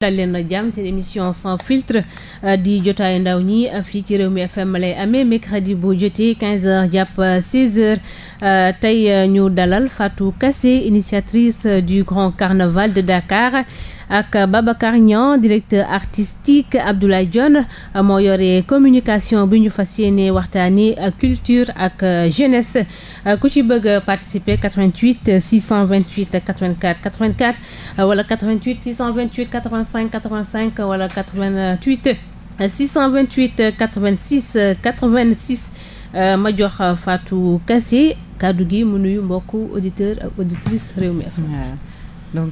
dal leen na jàmm seen émission sans filtre euh, di jotaayu ndaw ñi euh, fii ci réew mi FM lay amee mercredi bu jotee 15 heures jàpp 16 heures euh, tey ñu dalal Fatou Kassé initiatrice du grand carnaval de Dakar ak Babacar Niang directeur artistique Abdoulaye Dione moo yore communication bi ñu fas yéene waxtaani culture ak jeunesse ku ci bëgg participer 88 628 84 84 wala 88 628 85 85 wala 88 628 86 86 ma jox Fatou Kassé kaddu gi mu nuyu mbokk auditeurs ak auditrices Rewmi FM.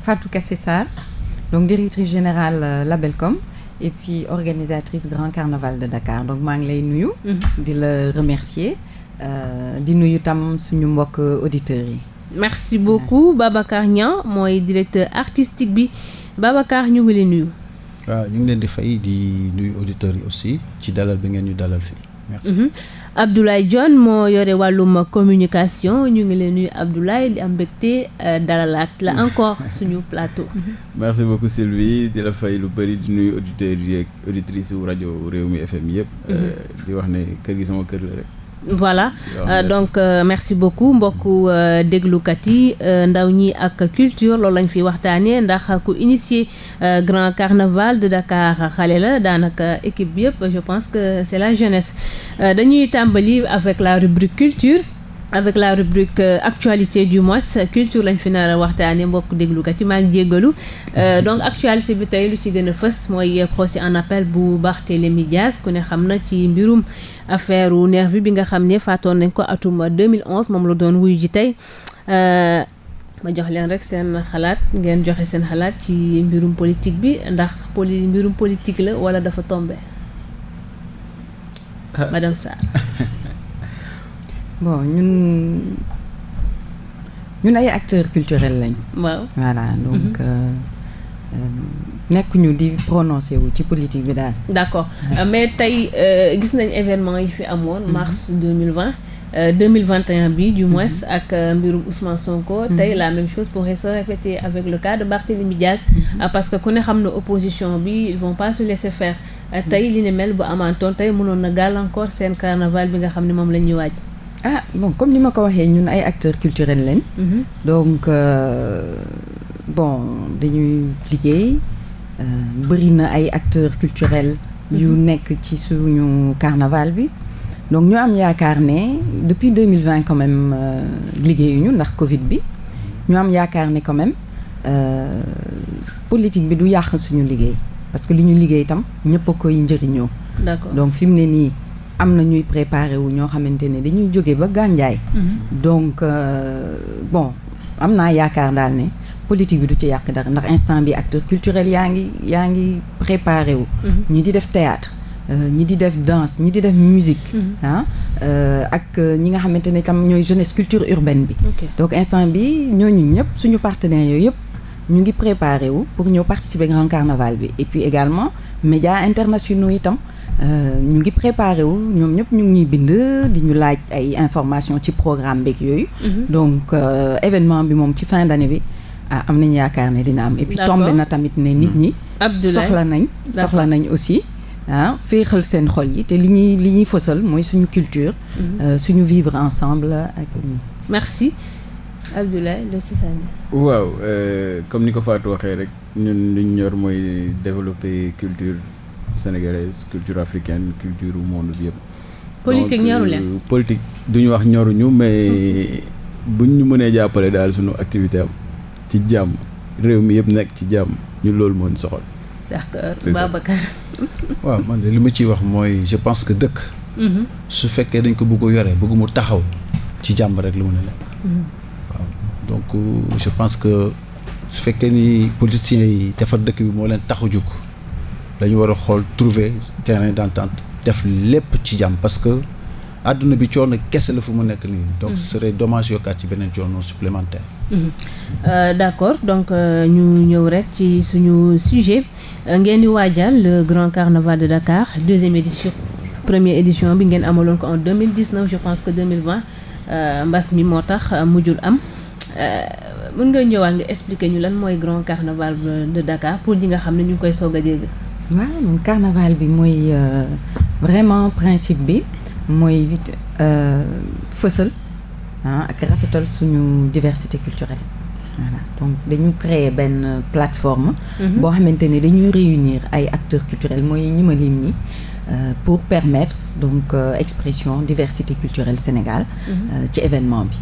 donc directrice générale euh, Labelcom et puis organisatrice Grand Carnaval de Dakar donc maa ngi lay nuyu. Mhm. di la remercier euh, di nuyu tam suñu mbokk auditeurs yi. merci beaucoup Babacar Niang mooy directeur artistique bi Babacar ñu ngi lay nuyu. waaw ñu ngi leen di fay di nuyu auditeurs yi aussi ci dalal bi ngeen ñu dalal fii. merci mm -hmm. Abdoulaye moo yore wàllum communication ñu ngi leen nuyu Abdoulaye di am mbégte euh, dalalaat la encore suñu plateau. merci beaucoup Sylvie di fay lu bëri di nuyu auditeurs yi ak auditrices yu rajo Réew mi FM yëpp. Mhm. Euh, di wax ne kër gi sama kër la rek. voilà euh, donc euh, merci beaucoup mbokku euh, déglukat yi ndaw ñi ak culture loolu lañ fi waxtaanee ndax ku initier grand carnaval de Dakar xale la daanaka équipe bi yëpp je pense que c'est la jeunesse dañuy tàmbali avec la rubrique culture avec la rubrique euh, actualité du mois culture lañ fi nar a mbokk déglu ka maa ngi jéggalu euh, mm-hmm. donc actualité bi tey lu ci gën a fës mooy procès en appel bu baax Barthélémy Dias ku ne xam na ci mbirum affaire wu neex bi nga xam ne faatoon nañ ko atum 2011 moom la doon wuy ji tey euh, ma jox leen rek seen xalaat ngeen joxe seen xalaat ci mbirum politique bi ndax poli mbirum politique la wala dafa tombé bon ñun ñun ay acteur culturels lañ. waaw voilà mhm. donc. Euh, euh, nekk ñu di prononcé wu ci politique bi daal. d'accord mais tey euh, gis nañ événement yi fi amoon. Mhm. mars deux mille vingt deux mille vingt et un bi du moins mhm. ak mbirum Ousmane Sonko. tey la même chose pourrait se répéter avec le cas de Barthélémy Diaz. parce que ku ne xam na opposition bi ils vont pas se laisser faire. tey li ne mel bu amantoon tey mënoon na gàllankoor seen carnaval bi nga xam ne moom la ñuy waaj. ah bon comme ni ma ko waxee ñun ay acteurs culturels lañ. Mhm. donc euh, bon dañuy liggéey euh, bëri na ay acteurs culturels. yu mhm. nekk ci suñu carnaval bi. donc ñoo am yaakaar ne depuis deux mille vingt quand même euh, liggéeyuñu ndax Covid bi ñoo am yaakaar ne quand même euh, bi du yàq suñu liggéey parce que li ñu liggéey itam ñëpp a koy njëriñoo. donc fi ne nii. am na ñuy préparé wu ñoo xamante ne dañuy jóge ba gànjaay mhm. donc euh, bon am naa yaakaar daal ne politique bi du ci yàq dara ndax instant bi acteur culturel yaa ngi yaa ngi préparé wu mhm. ñi di def théâtre euh, ñi di def danse ñi di def musique mhm. ah euh, ak ñi nga xamante ne tam ñooy jeunesse culture urbaine bi donc instant bi ñooñu ñëpp suñu partenaires yooyu yëpp ñu ngi préparé wu pour ñëw participer grand carnaval bi et puis également médias internationaux itam Euh, ñu ngi préparé wu ñoom ñëpp ñu ngi ñuy bind di ñu laaj ay information ci programme beeg yooyu. Mhm. donc euh, événement bi moom ci fin d'année bi ah am nañu yaakaar ne dina am. et puis na tamit ne nit ñi. Abdoulaye soxla nañ soxla nañ aussi. ah féexal seen xol yi te li ñuy li ñuy fësal mooy suñu culture. Mhm. Euh, suñu vivre ensemble ak. merci Abdoulaye Lo Cissane. waaw comme ni ko Fatou waxee rek ñun li ñu ñor mooy développer culture. sénégalaise culture africaine culture monde bi yëpp. politique ñoru leen euh, politique duñu wax ñoruñu mais bu ñu mënee jàppale daal sunu activité ci jàmm réew mi yëpp nekk ci jàmm ñu loolu moo ñu soxal. d'accord waaw man de li ma ciy wax mooy je pense que dëkk. Mhm. su fekkee dañ ko bëgg yore bëgg mu taxaw ci jàmm rek la mën a nekk. Mhm. donc euh, je pense que su fekkee ni politiciens yi defar dëkk bi moo leen tax a dañu war a xool trouver terrain d'entente def lépp ci jàmm parce que àdduna bi coono kese la fu mu nekk nii. donc mhm. ce serait dommage yokkaat ci beneen coono supplémentaire. Mhm. Euh, d'accord donc euh, ñu ñëw rek ci suñu sujet euh, ngeen di waajal le grand carnaval de Dakar deuxième édition première édition bi ngeen amaloon ko en 2019 je pense que 2020 mbas mi moo tax mujjul am mën nga ñëwaat nga expliquer ñu lan mooy grand carnaval de Dakar pour ñi nga xam ne ñu ngi koy soog a dégg. waaw moom carnaval bi mooy euh, vraiment principe bi mooy euh, fësal ah ak rafetal suñu diversité culturelle voilà donc dañu créer benn plateforme mhm. boo xamante ni dañuy réunir ay acteurs culturels mooy ñi ma lim euh, pour permettre donc euh, expression diversité culturelle Sénégal mhm. ci événement bi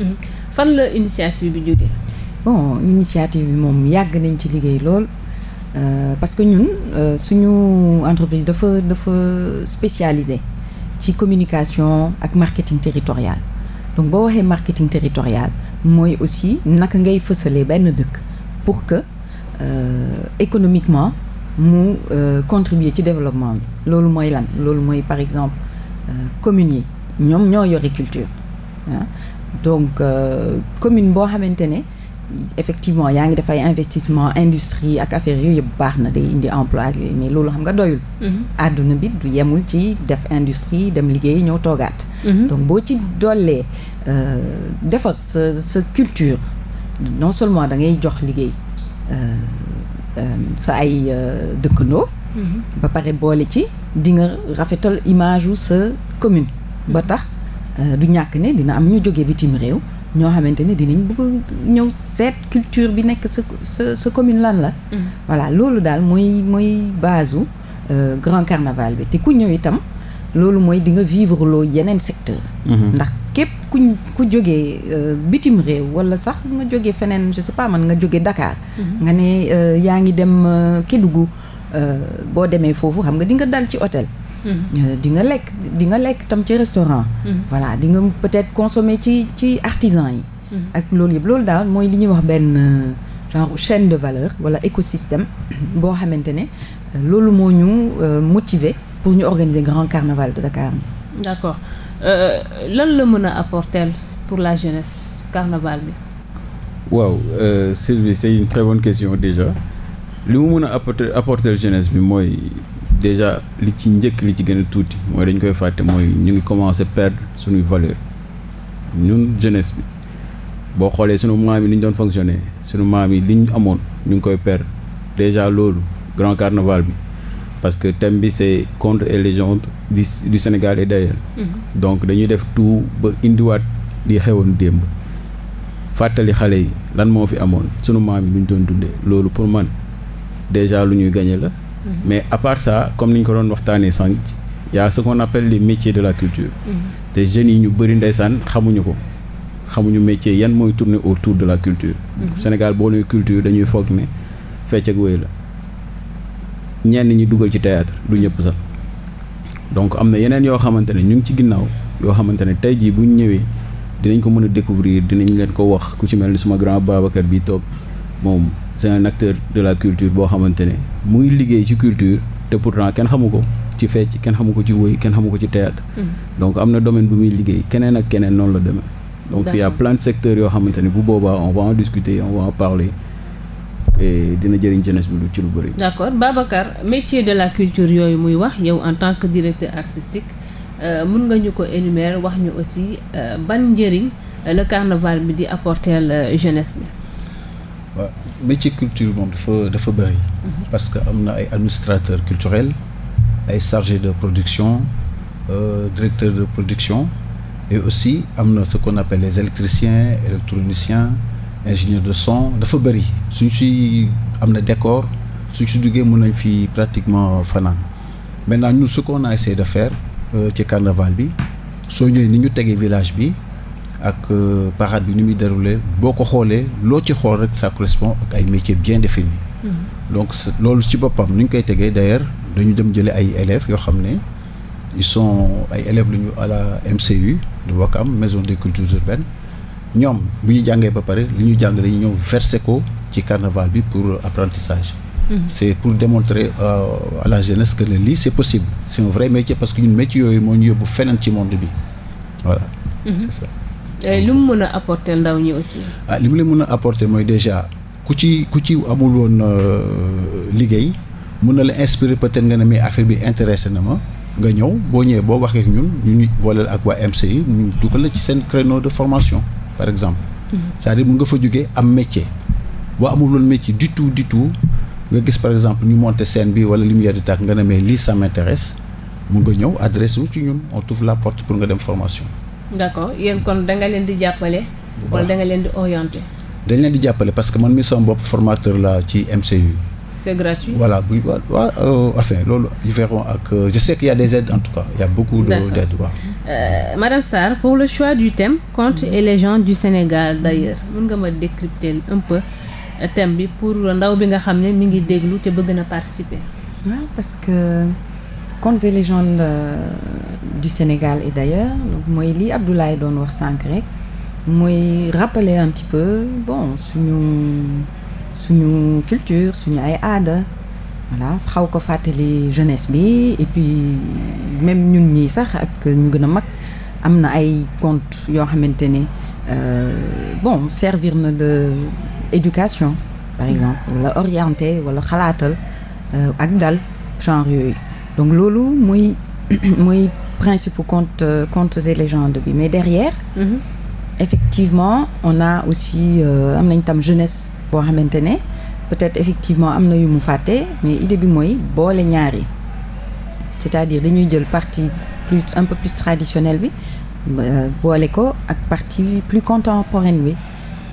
mhm. fan la initiative bi jógee bon initiative bi moom yàgg nañ ci liggéey lool Euh, parce que ñun euh, suñu entreprise dafa dafa spécialisé ci communication ak marketing territorial donc boo waxee marketing territorial mooy aussi naka ngay fësalee benn dëkk pour que euh, économiquement mu euh, contribuer ci développement bi loolu mooy lan loolu mooy par exemple euh, communes yi ñoom ñoo yore culture ah donc euh, commune boo xamante ne effectivement yaa ngi def ay investissement industrie ak affaire yooyu yëpp baax na day indi emploi ak yooyu mais loolu xam nga doyul mm-hmm. àdduna bi du yemul ci def industrie dem liggéey ñëw toogaat mm-hmm. donc boo ci dollee euh, defar sa sa culture non seulement da ngay jox liggéey euh, euh, sa ay dëkkandoo mm-hmm. ba pare boole ci dinga rafetal image wu sa commune ba tax du ñàkk ne dina am ñu jóge bitim réew ñoo xamante ne dinañ ko ñëw seet culture bi nekk sa sa sa commune lan la. Mm-hmm. voilà loolu daal mooy mooy base u euh, grand carnaval bi te ku ñëw itam loolu mooy di nga vivre loo yeneen secteur mm-hmm. ndax képp ku ku jógee euh, bitim réew wala sax nga jóge feneen je sais pas man nga jóge dakaar mm-hmm. nga ne euh, yaa ngi dem Kédougou boo demee foofu xam nga di nga dal ci hôtel. Euh, di nga lekk di nga lekk tam ci restaurant. Mhm. voilà di nga peut-être consommer ci ci artisan yi. Mhm. ak loolu yëpp loolu daal mooy li ñuy wax benn euh, genre chaîne de valeur wala écosystème boo xamante ne euh, loolu moo ñu motiver pour ñu organiser grand carnaval de Dakar. d'accord lan la mën a apporter pour la jeunesse carnaval bi. waaw Sylvie c'est une très bonne question déjà li mu mën a apporter apporter jeunesse bi mooy déjà li ci njëkk li ci gën a tuuti mooy dañ koy fàtte mooy ñu ngi commencé perdre suñuy valeur ñun jeunesse bi boo xoolee suñu maam yi ni doon fonctionner suñu maam yi li amoon ñu ngi koy perdre déjà loolu grand carnaval bi parce que thème bi c'est contre et légende du du Sénégal et d'ailleurs mm-hmm. donc dañuy def tout ba indiwaat li xewoon démb fàttali xale yi lan moo fi amoon suñu maam yi lu ñu doon dundee loolu pour man déjà lu ñuy gañe la Mm-hmm. mais à part ça comme ni ñu ko doon waxtaanee sànq y a ce qu'on appelle les métiers de la culture. Mm-hmm. te jeunes yi ñu bëri ndeysaan xamuñu ko xamuñu métier yan mooy tourner autour de la culture. Mm-hmm. Sénégal boo nee culture dañuy foog ne fecc ak wéy la ñenn ñi dugal ci théâtre lu ñëpp sax donc am na yeneen yoo xamante ne ñu ngi ci ginnaaw yoo xamante ne tey jii bu ñëwee dinañ ko mën a découvrir dinañ leen ko wax ku ci mel ni suma grand Babacar bi toog moomu c'est un acteur de la culture boo xamante ne mu ngi liggéey ci culture te pourtant kenn xamu ko ci fecc kenn xamu ko ci woy kenn xamu ko ci théâtre mm. donc am na domaine bu muy liggéey keneen ak keneen noonu la demee donc s'il y a yoo xamante ne bu boobaa on va en discuter on va en parler dina jëriñ jeunesse bi lu ci lu bëri. d' accord Babacar métier de la culture yooyu muy wax yow en tant que directeur artistique euh, mun nga ñu ko énumérer wax ñu aussi euh, ban njëriñ euh, le carnaval bi di apporter jeunesse bi. waaw métier culture moom dafa dafa bëri. Mhm. parce que am na ay administrateurs culturels ay chargés de production euh, directeurs de production et aussi am na ce qu'on appelle les électriciens ingénieur de son dafa bëri suñ si am na décor suñ si duggee mun nañ fi pratiquement fanaan maintenant nous nu qu'on a de faire euh, ci euh, carnaval bi soo ñëwee ni ñu tegee village bi. ak euh, parade bi ni muy déroulé boo ko xoolee loo ci xool rek ça correspond ak ay métiers bien définis. Mm-hmm. donc loolu ci boppam nu ñu koy tegee d'ailleurs dañu dem jëlee ay élèves yoo xam ne ils sont ay élèves lu ñu à la MCU de Wakam maison des cultures urbaines ñoom bu ñu jàngee ba pare li ñu jàng dañuy ñëw versé ko ci carnaval bi pour apprentissage. Mm-hmm. c'est pour démontrer euh, à la jeunesse que ne lii c'est possible c'est un vrai métier parce que ñun métier yooyu moo ñu yóbbu feneen ci monde bi voilà. Mm-hmm. Euh, lu mu mën a apporter ndaw ñi aussi. ah li mu leen mën a apporter mooy déjà ku ci ku ci amul woon euh, liggéey mën na la inspirer peut-être nga ne mais affaire bi intéressé na ma nga ñëw boo ñëwee boo waxee ñun ñu booleel ak waa MCI ñu dugal la ci seen créneau de formation par exemple. Mhm. cest à nga fa jógee am métier boo amul woon métier du tout du tout nga gis par exemple ñu monter scène bi wala lumière di tàkk nga ne mais lii ça m'intéresse mun nga ñëw adresse wu ci ñun on trouve la porte pour nga dem formation. d' accord yéen kon da nga leen di jàppale. wala da nga leen di orienté. dañ leen di jàppale parce que man mi sama bopp formateur la ci MCU. c' est gratuit voilà bu waa waaw euh, enfin loolu ils verront ak euh, je sais qu'il y des aides en tout cas il y a beaucoup de d' aides waaw. Euh, madame Sarr pour le choix du thème contes et légendes du Sénégal d' ailleurs mën nga ma décrypter un peu thème bi pour ndaw bi nga xam ne mi ngi déglu te bëgg na participer. waaw parce que. contes et légendes euh, du Sénégal et d'ailleurs donc mooy lii Abdoulaye doon wax sànq mooy rappeler un petit peu bon suñu suñu culture suñu ay aada voilà xaw ko fàttali jeunesse bi et puis même ñun ñii sax ak ñu gën a mag am na ay contes yoo xamante ne euh, bon servir na de éducation par exemple wala orienté wala xalaatal euh, ak dal genre yooyu donc loolu muy muy principe conte contes et légendes bi mais derrière. Mhm. effectivement on a aussi euh, am nañ tam jeunesse boo xamante ne peut-être effectivement am na yu mu fàtte mais idée bi mooy boole ñaari c'est-à-dire dañuy jël partie plus un peu plus traditionnelle bi euh, boole ko ak partie plus contemporaine bi.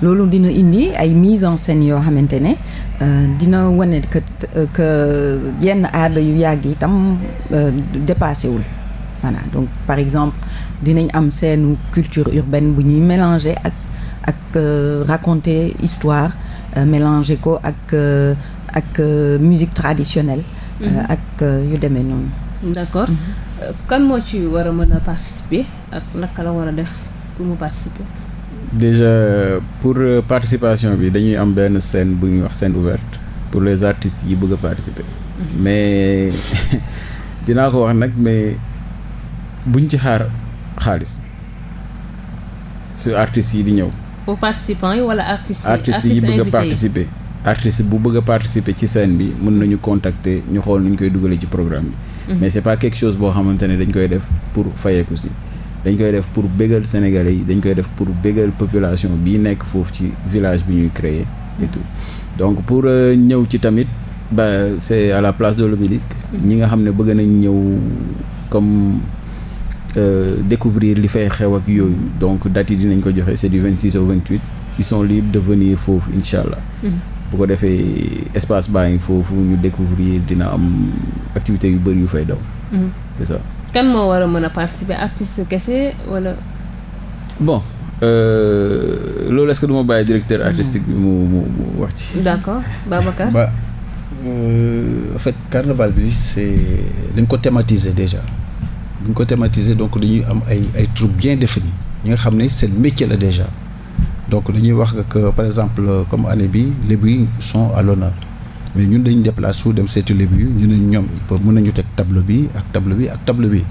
loolu dina indi ay mise en scène yoo xamante ne euh, dina wane que yenn aada yu yàgg itam euh, dépassé wul voilà donc par exemple dinañ am seenu culture urbaine bu ñuy mélanger ak ak euh, raconter histoire mélanger ko ak ak musique traditionnelle mhm. ak yu demee noonu d'accord mhm. kan moo ci war a mën a participer ak naka la war a def pour mu participer déjà pour euh, participation bi dañuy am benn scène bu ñuy wax scène ouverte pour les artistes yi bëgg a participer. Mhm. mais dinaa ko wax nag mais buñ ci xaar xaalis sur artistes yi di ñëw. pour wala artistes yi. artistes yi bëgg participer. artiste bu bëgg a participer ci scène bi mën nañu contacter ñu xool nu ñu koy dugalee ci programme bi. Mhm. mais c'est pas quelque chose boo xamante ne dañ koy def pour fayeeku si. dañ koy def pour bégal Sénégalais yi dañ koy def pour bégal population bi nekk foofu ci village bi ñuy créer et tout donc pour euh, ñëw ci tamit ba c'est à la place de l'obélisque ñi nga xam ne bëgg nañ ñëw comme euh, découvrir li fay xew ak yooyu donc date yi dinañ ko joxe c'est du 26 au 28 ils sont libres de venir foofu incha allah. Mm-hmm. bu ko defee espace baa ngi foofu ñu découvrir dina am activité yu bëri yu fay daw. Mm-hmm. kan moo war a mën a participer artiste kese wala. bon euh, loolu est-ce bàyyi directeur artistique bi mu mu mu wax ci. d'accord Babacar. ba euh, en fait carnaval bi c'est dañ ko thématiser déjà dañ ko thématiser donc dañuy am ay ay troupes bien définies ñi nga xam ne seen métier la déjà donc dañuy wax nga par exemple comme année bi lébu yi sont à l'honneur mais ñun dañu déplacé wu dem seeti lébu yi ñu ne ñoom mën nañu teg tableau bi ak tableau bi ak tableau bi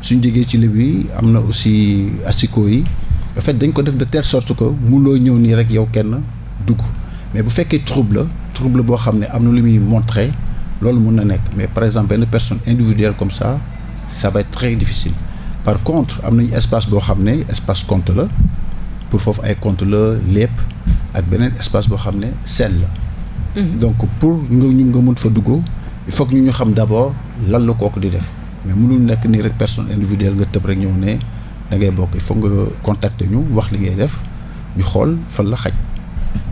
suñ jegee ci lébu yi am na aussi asiko yi en fait dañ ko def de telle sorte que mënuloo ñëw nii rek yow kenn dugg mais bu fekkee trouble la trouble boo xam ne am na lu muy montré loolu mun na nekk mais par exemple benn personne individuelle comme sa ça va très difficile par contre am nañu espace boo xam ne espace compte la pour foofu ay compte la lépp ak beneen espace boo xam ne scène la Mhm. donc pour nga ñu nga mën fa dugg il faut ñu ñu xam d' abord lan la kooku di def mais mënul nekk nii rek personne individuelle nga tëb rek ñëw ne dangay ngay bokk il faut nga contacter ñu wax li def ñu xool fan la xaj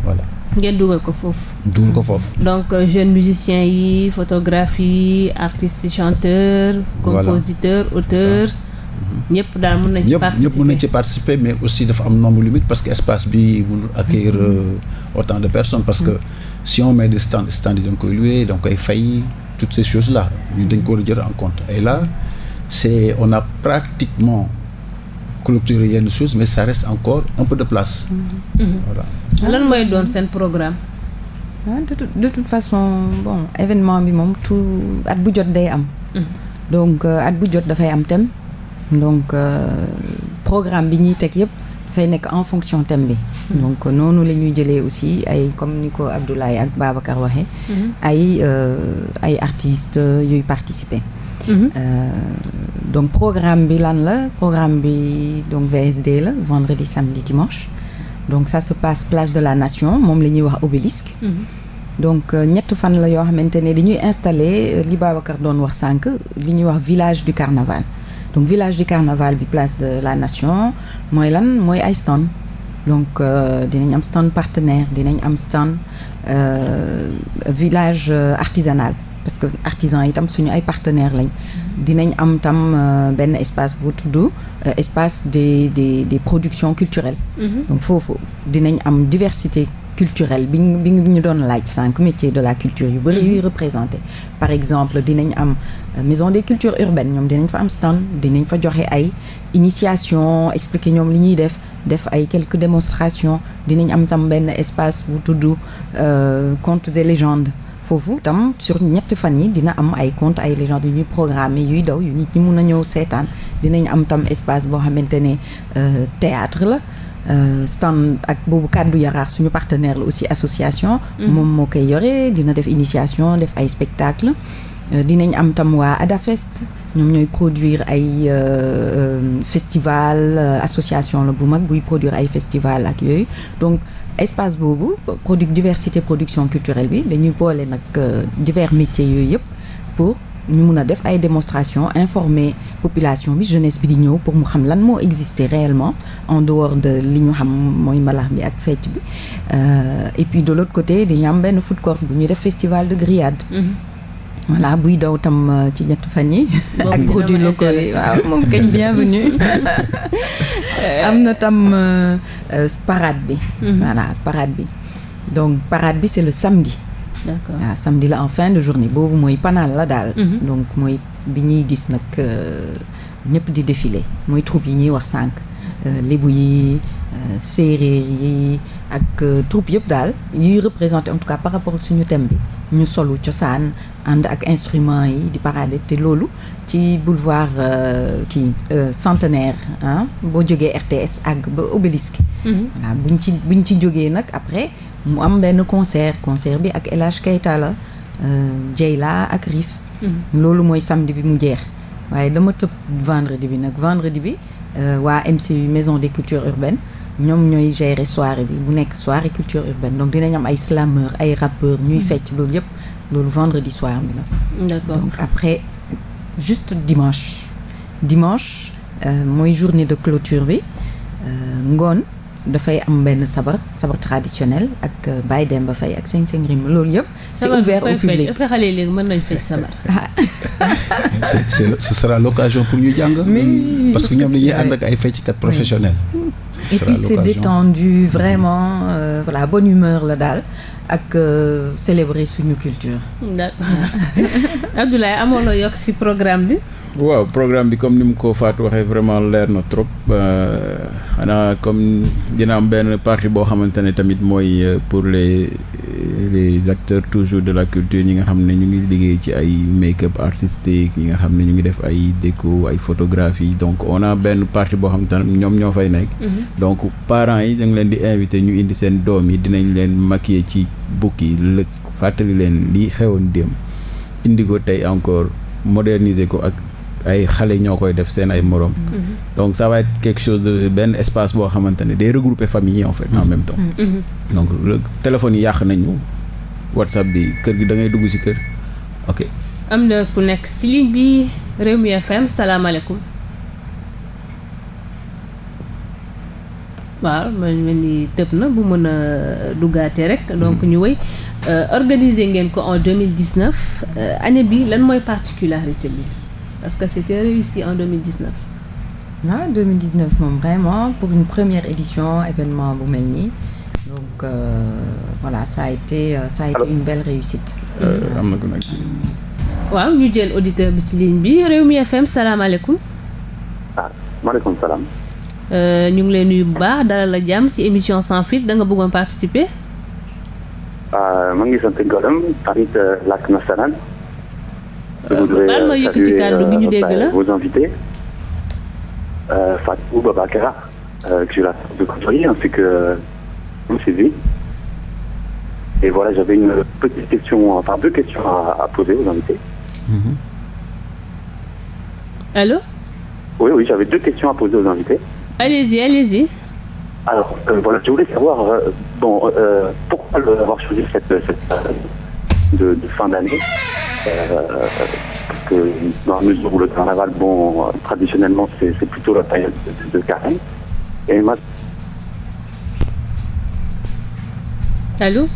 voilà. ngeen dugal ko foofu. dugal ko foofu. donc euh, jeunes musiciens yi photographes yi artistes chanteurs. compositeurs voilà. auteurs. Mhm. ñëpp daal mën na ci participer ñëpp mën ci participer mais aussi dafa am nombre limite parce que espace bi mënul accueillir mhm. euh, autant de personnes parce que. si on met des stands stands yi da nga koy louer da koy fay toutes ces choses la dañ ko a jël en compte et là c'est on a pratiquement clôturé yenn choses mais ça reste encore un peu de place. Mm-hmm. Mm-hmm. voilà. Ah. lan mooy doon seen programme. Ah, de toute façon bon événement bi moom tout at bu jot day am. Mm-hmm. donc euh, at bu jot dafay am thème donc euh, programme bi ñuy teg yëpp. dafay nekk en fonction thème bi. donc noonu la ñuy jëlee aussi ay comme ni ko Abdoulaye ak Babacar waxee. Mhm. ay euh, ay artistes yuy participer. Mhm. Euh, donc programme bi lan la programme bi donc VSD la vendredi samedi dimanche. donc ça se passe place de la nation moom la ñuy wax obélisque. Mhm. donc euh, ñett fan la yoo xamante ne dañuy installer li Babacar doon wax sànq li ñuy wax village du carnaval. donc village du carnaval bi place de la nation mooy lan mooy ay stand donc euh, dinañ am stand partenaire dinañ am stand euh, village euh, artisanal parce que artisan itam suñu ay partenaires lañ dinañ am tam benn espace bu tudd espace des des des productions culturelles mhm. donc foofu dinañ am diversité culturel bi ñu bi ñu doon laaj sànq métier de la culture yu bëri yuy mhm. représenté par exemple dinañ am euh, maison des cultures urbaines ñoom dinañ fa am stand dinañ fa joxe ay initiation expliquer ñoom li ñuy def def ay quelques démonstrations dinañ am tam benn espace bu tudd euh, contes et légendes foofu tam sur ñetti fan yi dina am ay contes ay légendes yu ñuy programmé yuy daw yu nit ñi mun a ñëw seetaan dinañ am tam espace boo xamante ne euh, théâtre la Euh, stand ak boobu kàddu yaraax suñu partenaire la aussi association mm-hmm. moom moo koy yore dina def initiation def ay spectacle euh, dinañ am tam waa Adafest ñoom ñooy produire ay euh, festival association la bu mag buy produire ay festival ak yooyu donc espace boobu produit diversité production culturelle bi dañuy boole nag divers métiers yooyu yëpp pour ñu mun a def ay démonstration informer population bi jeunesse bi di ñëw pour mu xam lan moo exister réellement en dehors de li ñu xam mooy malax bi ak fecc bi euh, et puis de l'autre côté dañu am benn food court bu ñuy def festival de grillade mhm. voilà buy daw tam euh, ci ñett fan yi ak produits locaux yi waaw moom kañ bienvenue am na tam euh, parade bi mhm. voilà parade bi donc parade bi c'est le samedi d'accord waaw ah, samedi la en fin de journée boobu mooy panal la daal. Mhm. donc mooy bi ñuy gis nag euh, ñëpp di défilé mooy troupe yi ñuy wax sànq euh, lébu yi euh, séeréer yi ak troupe yëpp daal yuy représenté en tout cas par rapport ak suñu thème bi ñu solu cosaan ànd ak instrument yi di parade te loolu ci boulevard ki centenaire ah boo jógee RTS ak ba obélisque mhm. voilà buñ ci buñ ci jógee nag après mu am benn concert concert bi ak El Hadj Keita la euh, Jeyla ak Rif mm-hmm. loolu mooy samedi bi mu jeex waaye dama tëb vendredi bi nag vendredi bi euh, waa MCU maison de cultures urbaines ñoom ñooy gérer soirée bi bu nekk soirée culture urbaine donc dinañ am ay slameur ay rappeur ñuy mm-hmm. fecc loolu yëpp loolu vendredi soir bi la d'accord donc après juste dimanche dimanche euh, mooy journée de clôture bi euh, ngoon dafay am benn sabar sabar traditionnel ak euh, dem ba Faye ak Seng Seng Rim loolu yëpp. c'est ouvert au public est que xale léegi mën nañ fecc sabar. Ah. ce sera l'occasion pour ñu jàng. Mm. parce que ñoom dañuy ànd ak ay fecckat professionnels. et puis c'est détendu mm-hmm. vraiment euh, voilà humeur la daal ak euh, célébrer suñu culture. d'accord Abdoulaye amoon na yokk ci programme bi. waaw programme bi comme ni mu ko faatu waxee vraiment leer na trop euh, xanaa comme dina am benn partie boo xamante ne tamit mooy euh, pour les euh, les acteurs toujours de la culture ñi nga xam ne ñu ngi liggéey ci ay make-up artistique ñi nga xam ne ñu ngi def ay déco ay photographie donc on a benn partie boo xamante ne ñoom ñoo fay nekk. Mm-hmm. donc parent yi da nga leen di invité ñu indi seen doom yi dinañ leen maquiller ci bukki yi lëkk fàttali leen lii xewoon démb indi ko tey encore moderniser ko ak. ay xale ñoo koy def seen ay morom. Mm-hmm. donc ça va être chose de benn espace boo xamante ne day regrouper famille yi en fait en mm-hmm. même temps. Mm-hmm. donc téléphone yi yàq nañu WhatsApp bi kër gi dangay dugg ci kër ok. am na ku nekk ci ligne bi Rewmi FM salaamaaleykum. waaw man mel ni tëb na bu mën a duggaatee rek donc ñu wëy euh, organiser ngeen ko en 2019 euh, année bi lan mooy particularité bi. parce que c'était réussi en 2019. ah 2019 moom vraiment pour une première édition événement bu mel nii donc euh, voilà ça a été euh, ça été une belle réussite. Euh, waaw ñu jël auditeur bi ci ligne bi mi FM salaamaaleykum. ah maaleykum salaam. Euh, ñu ngi leen nuyu bu baax dalal la jàmm ci émission sans filtre da nga bëggoon participer. Ah, maa ngi sant baal ma yëkkati kàddu bi ñu dégg la vos invités euh, Fatou Babacar euh, que j'ai la chance de côtoyer ainsi que euh, Sylvie et voilà j'avais une petite question à, poser aux invités mm oui j'avais deux questions à poser aux invités allez-y allez-y alors euh, voilà je voulais savoir pourquoi avoir choisi cette, fin d'année parce euh, euh, euh, que dans la mesure où le carnaval, bon, traditionnellement, c'est plutôt la période de, de carême. Et moi... Allô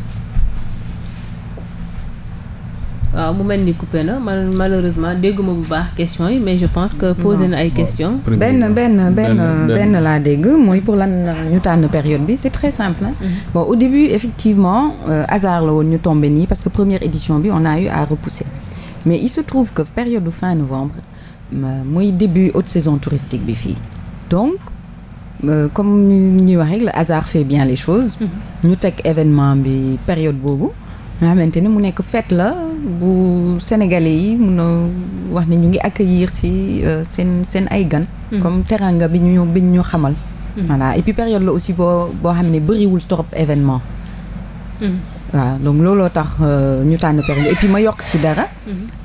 waaw euh, mu mel ni coupé na man malheureusement dégguma bu baax question yi mais je pense que posé na ay question benn benn benn la laa dégg mooy pour lan ñu tànn période bi c'est très simple hein? Mm-hmm. bon au début effectivement euh, hasard la woon ñu tombé nii parce que première édition bi on a eu à repousser mais il se trouve que période de fin novembre euh, mooy début haute saison touristique bi fii donc Euh, comme ñuy wax rek le hasard fait bien les choses mm-hmm. ñu mm teg événement bi période boobu nga xamante ni mu nekk fête la bu sénégalais yi mun a wax ne ñu ngi accueillir si euh, seen seen ay gan. Mm. comme teranga bi ñu bi ñu xamal. Mm. voilà et période la aussi boo boo xam ne bëriwul trop événement. waaw mm. donc looloo tax euh, ñu tànn période et ma yokk si dara.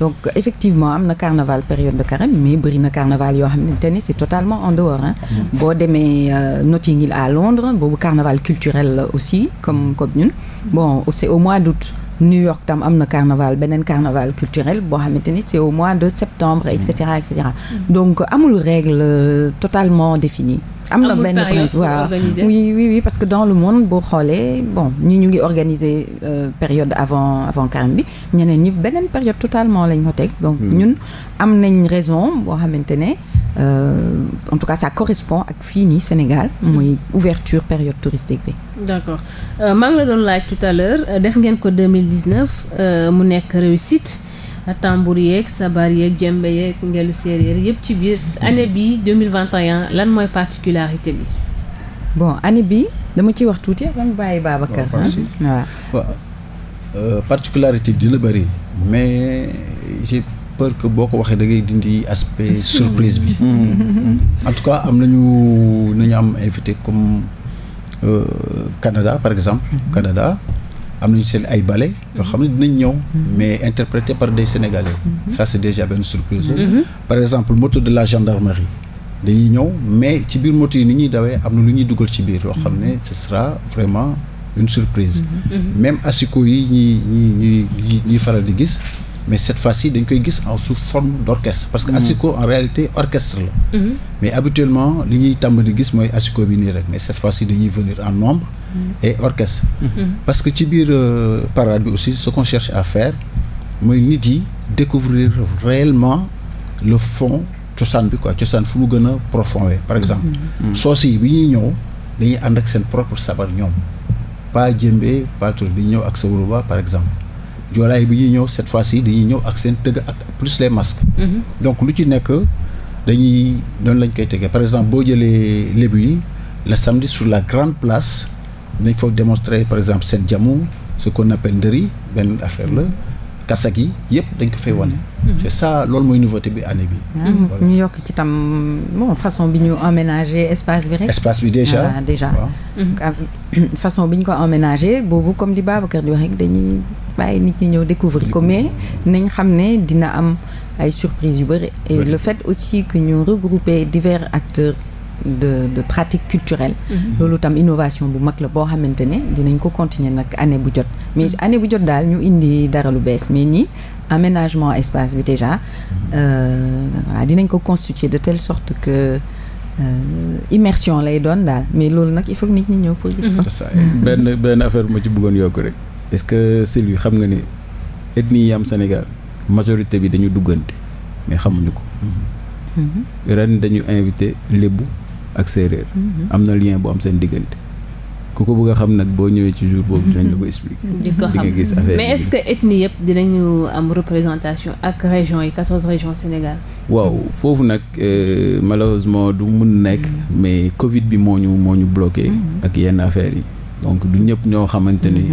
donc effectivement am na carnaval période de carême mais bëri na carnaval yoo xamante ni c' est totalement en dehors ah. boo demee euh, Notting Hill à Londres boobu carnaval culturel la aussi comme comme ñun. bon c' au mois d' août. New York tam am na carnaval beneen carnaval culturel boo xamante ni c'est au mois de septembre et cetera et cetera mm. donc amul règle euh, totalement définie am na benn prince waaw oui oui oui parce que dans le monde boo xoolee bon ñi ñu ngi organiser euh, période avant avant carême bi ñeneen ñi beneen période totalement lañ ko teg donc mm. ñun am nañ raison boo xamante ne Euh, en tout cas ça correspond ak fii nii Sénégal. mooy mhm. ouverture période touristique bi. d'accord euh, man ngi la doon laaj tout à euh, def ngeen ko 2019 mu nekk réussite. tambour yeeg sabar yeeg jembe yeeg ngelu séeréer yëpp ci biir année bi 2021 lan mooy particularité bi. bon année bi dama ciy wax tuuti ba mu bàyyi Babacar. waaw particularité bi dina bëri mais peur que boo ko waxee da ngay dindi aspect surprise bi. Mm-hmm. en cas am nañu nañu am invité comme euh, Canada par exemple. Mm-hmm. Canada am nañu seen ay ballet yoo xam ne dinañ ñëw. Mm-hmm. mais interprété par des Sénégalais. ça c'est déjà benn surprise. par exemple moto de la gendarmerie. dañuy ñëw mais ci biir moto yi ni ñuy dawee am na lu ñuy dugal ci biir. loo xam ne ce sera vraiment une surprise. même asiko yi ñi ñi ñi ñuy faral di gis. mais cette fois-ci dañu koy gis en sous forme d'orchestre parce que mm. asiko en réalité orchestre la mm-hmm. mais habituellement li ñuy tàmbali gis mooy asiko bi nii rek mais cette fois-ci dañuy venir en nombre mm-hmm. et orchestre mm-hmm. parce que ci biir euh, parade bi aussi ce qu'on cherche à faire mooy nit yi découvrir réellement le fond cosaan bi quoi cosaan fu mu gën a profond par exemple soosi bi ñuy ñëw dañuy ànd ak seen propre sabar ñoom paa jémbe pas tur bi ñëw ak sa wuruba par exemple joolaay bi ñuy ñëw cette fois yi dañuy ñëw ak seen tëgg ak plus les masques. Mhm. donc lu ci nekk dañuy noonu lañ koy tëggee par exemple boo jëlee lébu yi le samedi sur la grande place dañ foog démontrer par exemple seen jamu ce qu'on appelle ndëri benn affaire la. kasak yi yëpp dañ ko fay mhm. wane. Mhm. c'est ça loolu mooy nouveauté bi année bi. Ah, ñu yokk ci tam bon façon bi ñu emménager espace bi rek. espace bi déjà ah, déjà. Ah. bi ñu ko emménager boobu comme di Babacar di wax rek dañuy bàyyi nit ñi ñëw découvrir ko mais xam ne dina am ay surprise yu bëri. et oui. le fait aussi que ñu regrouper divers acteurs. de pratique culturelle. Mm-hmm. Mm-hmm. loolu tam innovation bu mag la boo xamante ne dinañ ko continuer nag année bu jot. mais mm-hmm. année bu jot daal ñu indi dara lu bees mais nii aménagement espace bi déjà euh, voilà dinañ ko constituer de telle sorte que. Euh, immersion lay doon daal mais loolu nag il faut que nit ñi ñëw pour gis ko. benn benn affaire bu ma ci bëggoon yokk rek est-ce que Sylvie xam nga ni ethnie yam am Sénégal majorité bi dañu duggante mais xamuñu ko. ren dañu invité lébu ak séeréer. Mhm. am na lien bu am seen diggante. ku ko bëgg xam nag boo ñëwee ci jour boobu dinañ la ko mhm. expliquer. di ko xam gis affaire mais est-ce que ethnie yëpp dinañu am représentation ak région yi quatorze waaw foofu nag euh, malheureusement du mun nekk. Mhm. mais Covid bi moo ñu moo ñu bloqué. ak yenn affaires yi. donc du ñëpp ñoo xamante ni.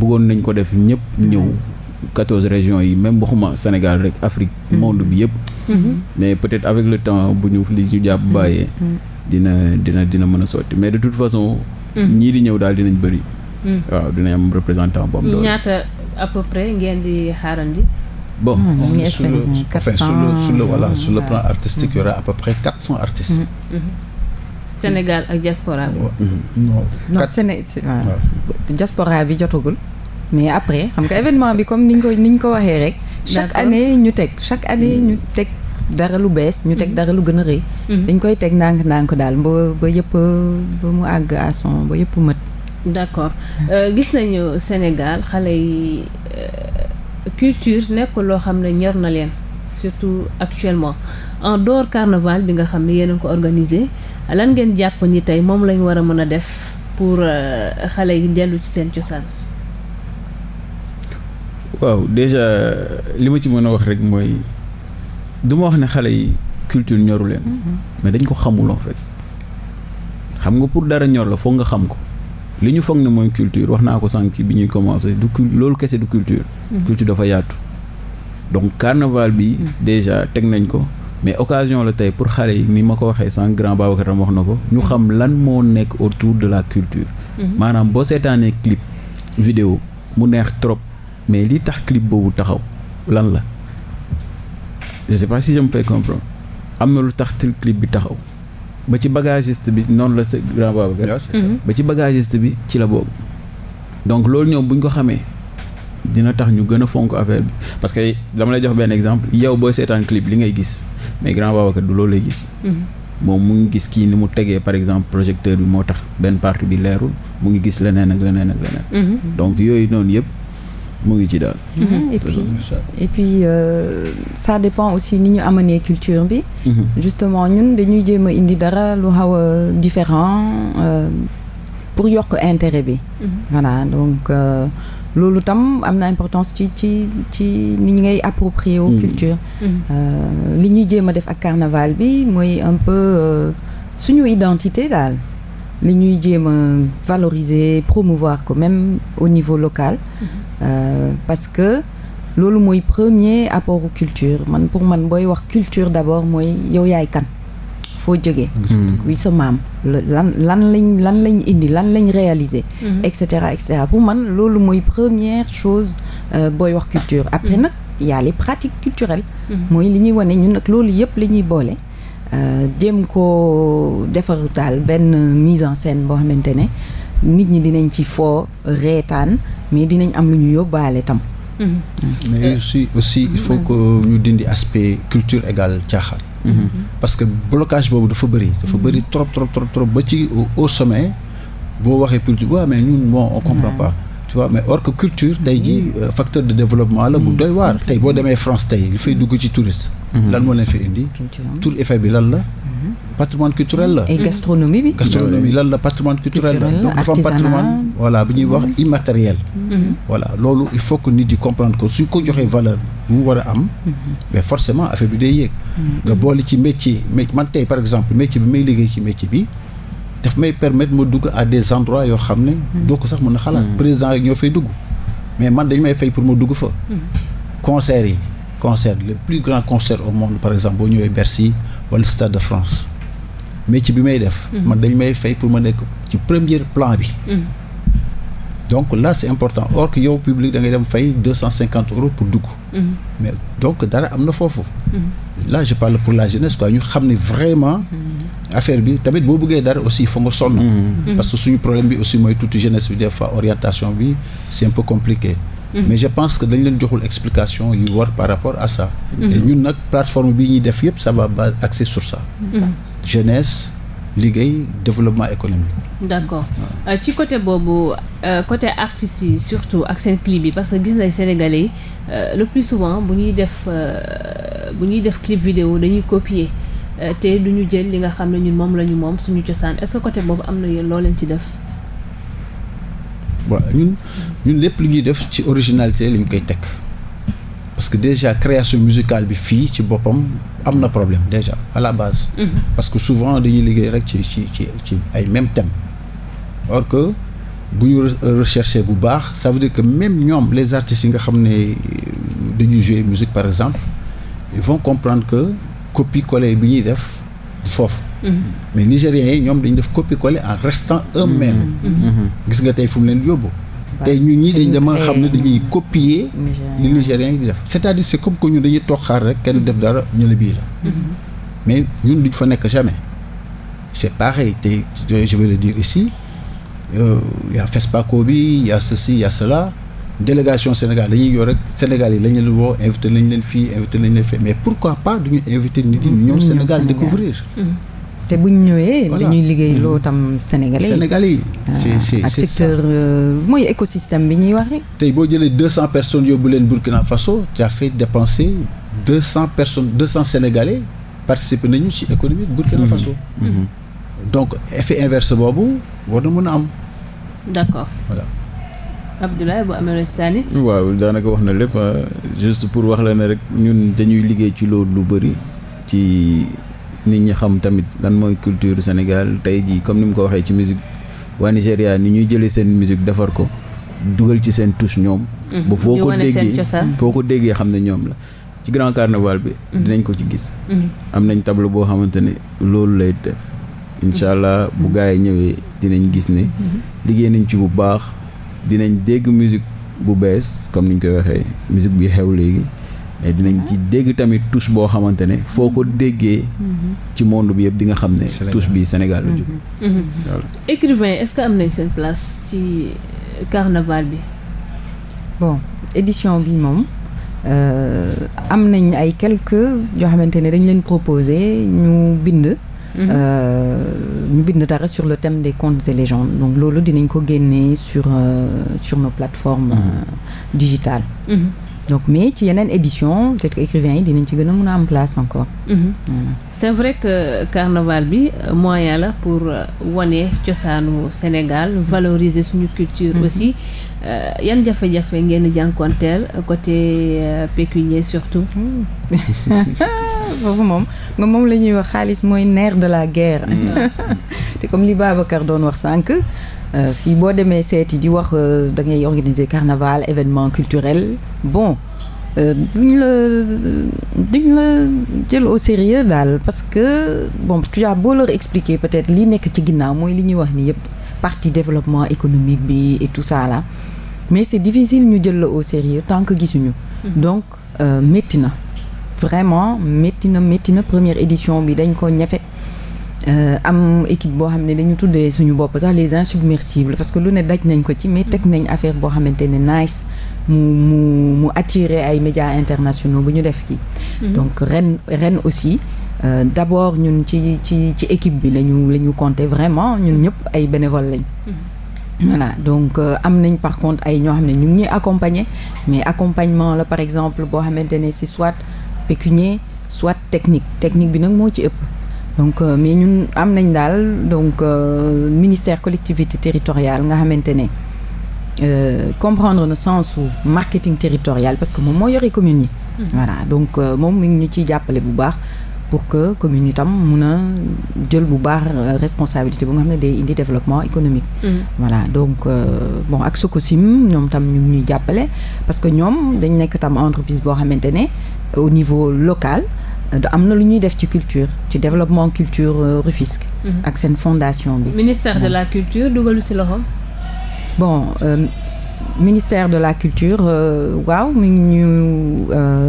bëggoon nañ ko def ñëpp ñëw. quatorze régions yi même waxuma Sénégal rek Afrique monde bi yëpp. mais peut-être avec le temps bu ñu jàpp bàyyee. dina dina dina mën a sotti mais de toute façon. Mm. ñii di ñëw daal dinañ bëri. Mm. waaw dinañ am représentant bu am ñaata à peu près ngeen di xaarandi. bon mmh, ah, su le, enfin, sur le sur le voilà euh, plan artistique il à peu près quatre cents artistes. Mm-hmm. Mm-hmm. Sénégal ak diaspora bi. Mm-hmm. non bi jotagul. mais après xam nga événement bi comme niñ ko niñ ko waxee rek. chaque année ñu teg chaque année ñu teg. dara lu bees ñu teg mm-hmm. dara lu gën a rëy mm-hmm. dañ koy teg ndànk ndànk daal ba ba yëpp ba mu àgg à son ba yëpp mët d'accord euh, gis nañu Sénégal xale yi euh, culture nekk loo xam ne ñor na leen surtout actuellement en door carnaval bi nga xam ne yéen a ko organisé lan ngeen jàpp ni tey moom lañ war a mën a def pour euh, xale yi dellu ci seen cosaan waaw déjà li ma ci mën a wax rek mooy du ma wax ne xale yi culture ñoru leen. Mm-hmm. mais dañ ko xamul en xam nga pour dara ñor la foog nga xam ko li ñu foog ne mooy culture wax naa ko sànq ci bi ñuy commencé du loolu kese du culture. Mm-hmm. culture dafa yaatu. donc carnaval bi. Mm-hmm. déjà teg nañ ko. mais occasion la tey pour xale yi ni ma ko waxee sànq grand Babacar wax na ko ñu xam lan moo nekk autour de la culture. maanaam boo seetaanee clip. vidéo mu neex trop mais li tax clip boobu taxaw lan la. je sais pas si je me comprendre am na lu tax clip bi taxaw ba ci bagagiste bi noonu la sa grand Babacar mhm. ba ci bagagiste bi ci la boobu donc loolu ñoom bu ñu ko xamee dina tax ñu gën a fonk affaire bi parce que dama lay jox benn exemple yow boo seetaan clip li ngay gis mais grand Babacar du loolu lay gis mhm. moom mu ngi gis kii ni mu tegee par exemple projecteur bi moo tax benn partie bi leerul mu ngi gis leneen ak leneen ak leneen mhm. donc yooyu noonu yëpp mu ngi ci daal. Mhm. Mhm. et puis et puis euh, ça dépend aussi ni ñu amener culture bi. Mhm. justement ñun dañuy jéem a indi dara lu xaw a différent euh, pour yokk intéret bi. voilà donc. Euh, loolu tam am na importance ci ci ci ni ngay approprier aux culture li ñuy jéem a def ak carnaval bi mooy un peu suñu identité daal li ñuy jéem a valoriser promouvoir ko même au niveau local. Mm-hmm. Euh, parce que loolu mooy premier apport culture man pour man booy wax culture d'abord mooy yow yaay kan foo jógee. kuy mm-hmm. sa maam lan lan lañ lan lañ indi lan lañ réaliser. Mm-hmm. et cetera et cetera pour man loolu mooy première chose euh, booy wax culture après nag y a les pratiques mooy li ñuy wane ñun nag loolu yëpp li ñuy boole. dém euh, koo defar daal benn mise en scène boo xamante ne nit ñi dinañ ci foo reetaan mais dinañ am lu ñu yóbbaale tam. Mm-hmm. Mm-hmm. mais euh, aussi aussi il faut que ñu dindi aspect culture égale caaxaan. Mm-hmm. parce que blocage boobu dafa bëri. dafa bëri trop trop trop trop ba ci au sommet boo waxee culture waaw mais ñun bon on comprend pas. tu vois mais or que culture tey jii mm. euh, facteur de développement la bu mm. doy waar tey boo demee France tey li fay dugg ci touriste mm-hmm. lan moo leen fi indi tour effet bi lan la mm-hmm. patrimoine culturel la. et gastronomie bi. gastronomie mm-hmm. lan la patrimoine culturel la. donc dafa am patrimoine voilà bu ñuy wax immatériel. voilà loolu il faut que nit di comprendre que su ko joxee valeur bu mu war a am. mais forcément affaire bi day yéeg. nga boole ci métier man tey par exemple métier bi may liggéey ci métier bi. daf may permettre ma dugg à des endroits yoo xam ne. Hmm. doo ko sax mën a xalaat. Hmm. président yi ñoo fay dugg. mais man dañu may fay pour ma dugg fa. Hmm. concert yi concert le plus grand concert au monde par exemple boo ñëwee Bercy wala Stade de France métier bi may def. man dañu may fay pour ma nekk ci première plan bi. donc là c' important or que yow public da ngay dem fay deux cent cinquante euros pour dugg. mais donc dara am na foofu. là je parle pour la jeunesse quoi ñu xam ne vraiment mm-hmm. affaire bi tamit boo bëggee dara aussi fa nga sonn mm-hmm. parce que suñu problème bi aussi mooy tuuti jeunesse bi des fois orientation bi c'est un peu compliqué mm-hmm. mais je pense que dañu leen joxul explication yu war par rapport à sa et ñun nag plateforme bi ñuy def yëpp ça va ba axer sur sa jeunesse liggéey développement économique. d'accord euh, ci côté boobu euh, côté artistes yi surtout ak seen clip yi parce que gis nañ Sénégalais yi euh, le plus souvent bu ñuy def bu ñuy def clip vidéo dañuy copier te duñu jël li nga xam ne ñun moom la ñu moom suñu cosaan est-ce que côté boobu am na yéen loo leen ci def. waaw ñun ñun lépp lu ñuy def ci originalité ñu koy teg. parce que déjà création musicale bi fii ci boppam am na problème déjà à la base. Mhm. parce que souvent dañuy liggéey rek ci ci ci ci ay même thème or que bu ñu euh, recherché bu baax ça veut dire que même ñoom les artistes yi nga xam ne euh, dañuy jouer musique par exemple ils vont comprendre que copie coller bi ñuy def foofu. Mhm. mais nigériens yi ñoom dañu def copie coller en restant eux-mêmes. Mhm. gis nga tey fu leen yóbbu. tey ñun ñii dañ dama xam ne dañuy copier li nigérien yi di def c'est-à-dire c'est comme que ñun dañuy toog xaar rek kenn def dara ñu la bii la mm-hmm. mais ñun duñ fa nekk jamais c'est pareil tey je vais le dire ici euh, y bi y a ceci y a cela délégation Sénégal dañuy yor rek Sénégal yi lañu leen woo invité lañu leen fii invité lañu leen fii mais pourquoi pas duñu invité nit yi mm-hmm. ñëw Sénégal découvrir mm-hmm. te bu ñu ñëwee. dañuy liggéey loo mm-hmm. tam sénégalais yi. sénégalais yi c'est ah, c'est ak secteur euh, mooy écosystème wax rek. tey boo jëlee deux cent personnes yóbbu leen Burkina Faso tu as fait dépenser deux cent personnes deux cent sénégalais participer nañu ci économie Burkina mm-hmm. Faso. Mm-hmm. donc effet inverse boobu war na mën a am. d'accord voilà. Abdoulaye bu amee Sani. daanaka wax na lépp ah, juste pour wax la ne rek ñun dañuy liggéey ci loolu lu bëri ci. nit ñi xam tamit lan mooy culture Sénégal tey jii comme ni mu ko waxee ci musique waa Nigéria ni ñuy jëlee seen musique defar ko dugal ci seen touche ñoom. Mm-hmm. ba foo ko déggee xam ne ñoom la. ci grand carnaval bi. Mm-hmm. dinañ ko ci gis. Mm-hmm. am nañ table boo xamante ne loolu lay def. incha allah bu gars yi ñëwee dinañ gis ne. liggéey nañ ci bu baax dinañ dégg musique bu bees comme ni niñ koy waxee musique bi xew léegi. dinañ ci dégg tamit touche boo xamante ne foo ko déggee. ci monde bi yëpp di nga xam ne. touche bi Sénégal la jóg. Mhm. Mhm. voilà écrivain est-ce que am nañ seen place ci carnaval bi. bon édition bi moom euh, am nañ ay quelque yoo xamante ne dañ leen proposer ñu bind. Mhm. Euh, ñu bind dara sur le thème des contes et légendes donc loolu dinañ ko génnee sur euh, sur nos plateformes euh, donc mais ci yeneen édition peut-être que yi dinañ ci gën a mun a am place encore. Mhm. c'est vrai que carnaval bi euh, moyen la pour euh, wane cosaanu Sénégal valoriser suñu culture. Mhm. aussi euh, yan jafe-jafe ngeen jànkuwanteel côté pécunier surtout. foofu moom nga moom la ñuy wax xaalis mooy nerf de la guerre. Mm. te comme li Babacar doon wax sànq. Euh, fii boo demee seeti di wax euh, da ngay organiser carnaval événement culturel bon euh, duñ la duñ la jël au sérieux daal parce que bon tu as beau leur expliquer peut-être li nekk ci ginnaaw mooy li ñuy wax ni yëpp partie développement économique bi et tout ça là mais c'est difficile ñu jël la au sérieux tant que gisuñu mm-hmm. donc métti na vraiment métti na métti na première édition bi dañ ko ñafe Euh, am équipe boo xam ne dañu tuddee suñu bopp sax les insubmersibles parce que lu ne daj nañ ko ci mais teg nañ affaire boo xamante ne nice mu mu mu attirer ay médias internationaux bu ñu def ci mhm. donc ren ren aussi euh, d'abord ñun ci ci ci équipe bi lañu la ñu compter vraiment ñun ñëpp ay bénévole lañ mhm. voilà donc euh, am nañ par contre ay ñoo xam ne ñu ngi ñuy accompagner mais accompagnement la par exemple boo xamante ne c'est soit pécunier soit technique technique bi nag moo ci ëpp donc euh, mais ñun am nañ daal donc euh, ministère collectivité territoriale nga xamante ne euh, comprendre na sens su marketing territorial parce que moom moo yore commune yi. Mm. voilà donc moom mi ngi ñu ci jàppale bu baax. pour que commune itam mun a jël bu baax responsabilité bu nga xam ne day indi développement économique. Mm. voilà donc euh, bon ak Sococim ñoom tam ñu ngi ñuy jàppale. parce que ñoom dañ nekk tam entreprise boo xamante ne au niveau local. Euh, am na lu ñuy def ci culture ci développement culture euh, Rufisque. Mhm. ak seen fondation bi. ministère de la culture dugalu ci loxo. bon euh, ministère de la culture waaw mi ngi ñu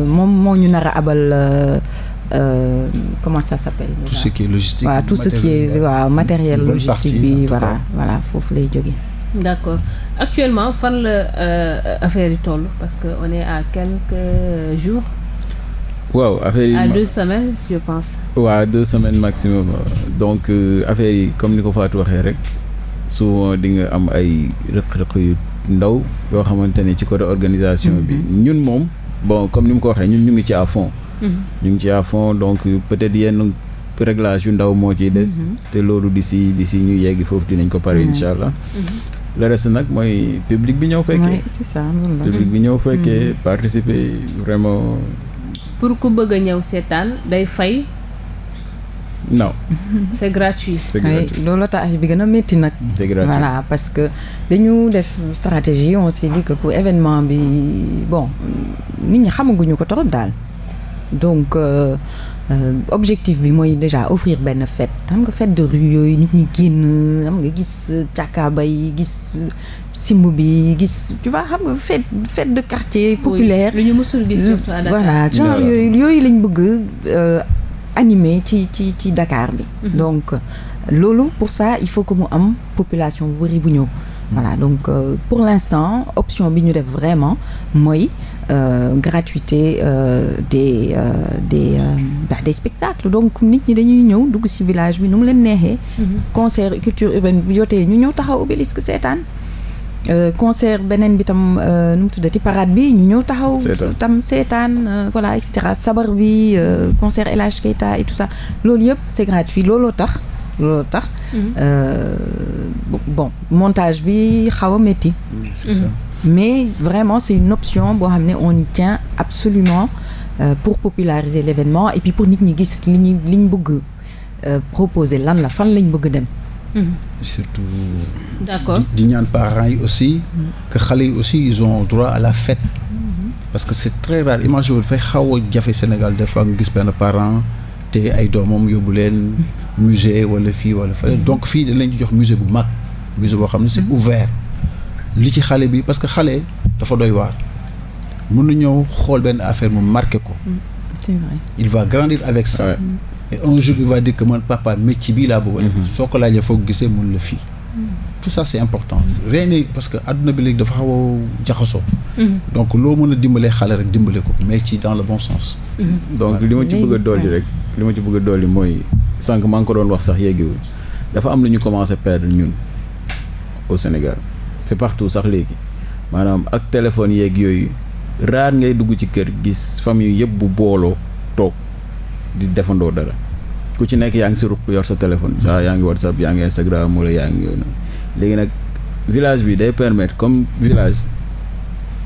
moom moo ñu nar a abal. Euh, comment ça s'appelle tout voilà. ce qui est logistique tout ce qui est waaw matériel logistique bi voilà voilà foofu lay jógee d'accord actuellement fan la affaire yi toll parce que on est à quelques jours waaw affaire yi à deux semaines je pense. waaw deux semaines maximum donc euh, affaire yi comme ni ko Fatou waxee rek souvent di nga am ay rëq-rëq yu ndaw yoo xamante ne ci côté organisation bi mhm. ñun moom bon comme ni mu ko waxee ñun ñu ngi ci à fond. Mhm. ñu ngi ci à fond donc peut-être yenn réglage yu ndaw moo ciy des. Mhm. te loolu d'ici si ñu yegg foofu dinañ ko pare incha allah. le nag mooy public bi ñëw fekkee. c'est ça public bi ñëw fekkee participer vraiment. pour ku bëgg ñëw seetaan day fay. non. c'est gratuit. c'est gratuit loolu bi gën a métti nag. c'est parce que dañu def stratégie on s'est dit que pour événement bi bon nit ñi xamaguñu ko trop daal donc. Euh, euh, objectif bi mooy déjà offrir benn fête xam nga fête de rue yooyu nit ñi génn am nga gis càkkaaba yi gis simb bi gis tu vois xam nga fête fête de quartier populaire lu ñu mësul gis surtout à euh, Dakar yooyu yooyu lañ bëgg euh, animé ci ci ci Dakar bi mhm. donc loolu pour ça il faut que mu am population bu bëri bu ñëw voilà donc euh, pour l'instant option bi ñu def vraiment mooy euh, gratuité euh, des euh, des bah, des spectacles donc nit ñi dañuy ñëw dugg si village bi nu mu leen neexee mhm. concert culture urbaine bu jotee ñu ñëw taxaw obélisque seetaan Euh, concert beneen bi tam euh, nu mu tuddati parade bi ñu ñëw taxaw. tam seetaan euh, voilà et sabar bi concert El Hadj Keita et tout loolu yëpp c'est gratuit looloo tax. looloo tax. Mhm. bon montage bi xaw a métti. Mhm. mais vraiment c'est une option boo xam ne on y tient absolument pour populariser l'événement et puis pour nit ñi gis li ñu li ñu bëgg proposer lan la fan lañ bëgg dem. Mm-hmm. surtout. d'accord di ñaan parents yi aussi. Mm-hmm. que xale yi aussi ils ont droit à la fête. Mm-hmm. parce que c'est très rare image boobu dafay xaw a jafe Sénégal des fois nga gis benn parent te ay doomam yóbbu leen. musée wala fii wala fële donc fii dañ leen di jox musée bu mag. musée boo xam ne c'est ouvert. li ci xale bi parce que xale dafa doy waar. mun na ñëw xool benn affaire mu marqué ko. c'est vrai il va grandir avec ça. et un jour il va dire que man papa métier bii laa bëgg a mhm. def soo ko laajee foog gisee mun la fii mhm. tout ça c'est important mhm. rien parce que àdduna bi léegi dafa xaw a jaxasoo donc loo mën a dimbalee xale rek dimbale ko mais ci dans le bon sens donc li ma ci bëgg a dolli rek li ma ci bëgg a yi mooy sànq maa ngi ko doon wax sax yeggiwul dafa am lu ñu commencé perdre ñun au Sénégal c'est partout sax léegi maanaam ak téléphone yeeg yooyu raar ngay dugg ci kër gis famille yëpp bu booloo toog di defandoo dara ku ci nekk yaa ngi si ruq yor sa téléphone saa yaa ngi whatsapp yaa ngi instagram wala yaa ngi yooyu léegi nag village bi day permettre comme village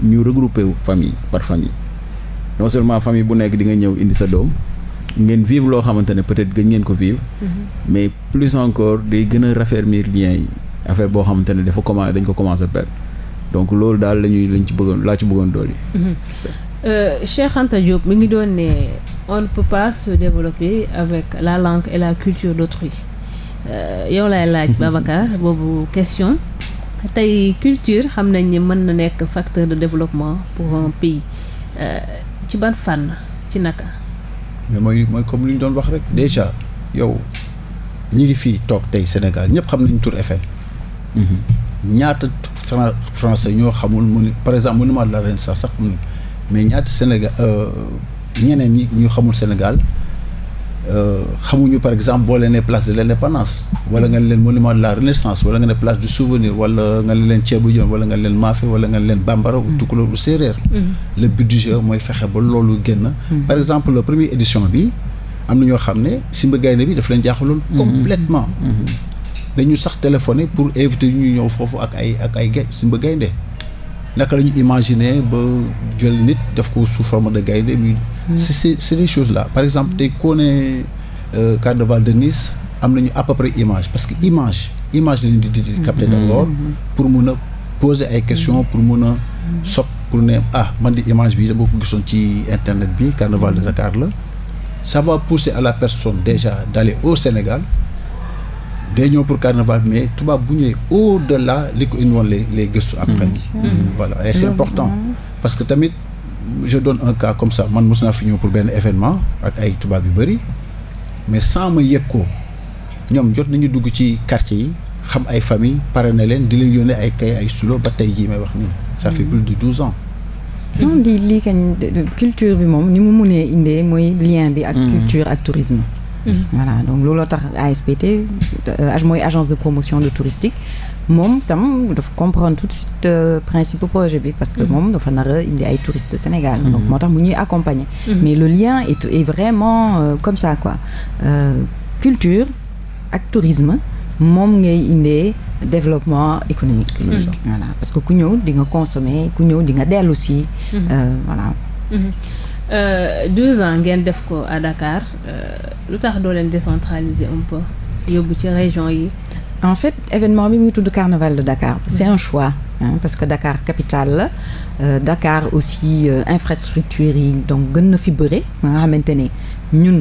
ñu regrouper famille par famille non seulement famille bu nekk di nga ñëw indi sa doom ngeen vivre loo xamante ne peut-être gën ngeen ko vivre mm-hmm. mais plus encore day gën a raffermir lien yi affaire boo xamante ne dafa commencé dañ ko commencé perdre donc loolu daal la lañ ci bëggoon laa ci bëggoon mm-hmm. euh, dool on ne peut pas avec la langue et la culture d'autrui euh, yow lay laaj Babacar boobu question tey culture xam nañ ni mën na nekk facteur de développement pour un pays euh, ci ban fànn ci naka mooy mooy comme li ñu doon wax rek déjà yow ñi ngi fii toog tey Sénégal ñëpp xam nañu Tour FM mhm. ñaata français ñoo xamul mu ni par exemple monument ma la Renaissance sax xam nañ mais ñaata Sénégal euh, ñeneen ñi ñu xamul Sénégal euh, xamuñu par exemple boo leen ne place de l' indépendance wala nga leen monument de la renaissance wala nga ne place du souvenir wala nga leen ceebu jën wala nga leen maafe wala nga leen bambara ou mm. tukulóor ou séeréer mm-hmm. le but du jeu mooy fexe ba loolu génn mm-hmm. par exemple la première édition bi am na ñoo xam ne Simba Gaynde bi daf leen jaaxaloon mm-hmm. complètement dañu sax téléphoné pour éviter ñu ñëw foofu ak ay ak ay gay Simba Gaynde naka la ñu imaginer ba jël nit daf ko sous forme de gaynde bi c'est c'est des choses là par exemple tey koo ne carnaval de Nice am nañu à peu près image parce que image image lañu di di di capté mm-hmm. d'abord mm-hmm. pour mun a poser ay question pour mun a mm-hmm. sob pour ne ah man di image bi dama ko gisoon ci internet bi carnaval de Dakar la ça va pousser à la personne déjà d'aller au Sénégal day ñëw pour carnaval mais tubaab bu ñëwee au-delà li ko indiwoon les les gëstu après c'est important parce que tamit je donne un cas comme ça man mos naa fi ñëw pour benn événement ak ay tubaab yu bëri mais sans ma yëg ko ñoom jot nañu dugg ci quartier yi xam ay famille pare na leen di leen yónnee ay kay ay studio ba tey jii may wax nii. sa fait mm. plus de douze ans. non di lii kañ culture bi moom ni mu munee indee mooy lien bi. ak mm. culture ak tourisme. Mm. voilà donc looloo tax ASPT euh, mooy agence de promotion de touristique. moom tam dafa comprendre tout de suite euh, principe projet bi parce que mhm. moom dafa nar a indi ay touristes Sénégal mhm. donc moo tax mu ñuy accompagner mhm. mais le lien est, est vraiment euh, comme ça quoi euh, culture ak tourisme moom ngay indee développement économique voilà parce que ku ñëw di nga consommer ku ñëw di nga dellu si voilà Euh, deux ans ngeen def ko à Dakar lu tax doo leen décentraliser un peu yóbbu ci région yi en fait événement bi mu ngi tudd carnaval de Dakar mm. c'est un choix parce que Dakar capitale la euh, Dakar aussi euh, infrastructure yi donc gën na fi bëre nga xamante ne ñun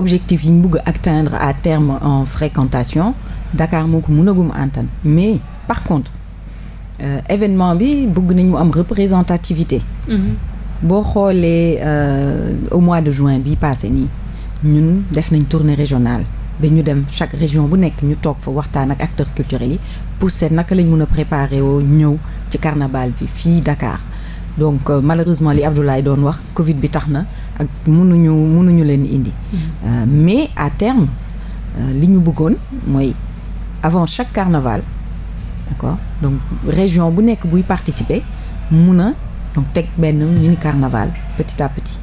objectif yi ñu bëgg atteindre à terme en fréquentation Dakar moo ko mënagum antan mais par contre euh, événement bi bëgg nañ mu am représentativité mm-hmm. boo xoolee euh, au mois de juin bi passé nii ñun def nañ tournée régionale dañu dem chaque région bu nekk ñu toog fa waxtaan ak acteurs culturels yi pour seet naka lañ mun a préparer woo ñëw ci carnaval bi fii dakaar donc euh, malheureusement li Abdoulaye doon wax Covid bi tax na ak mënuñu mënuñu leen indi. Mm-hmm. Euh, mais à terme euh, li ñu bëggoon mooy avant chaque carnaval d'accord donc région bu nekk buy participer mun a teg benn mini carnaval petit à petit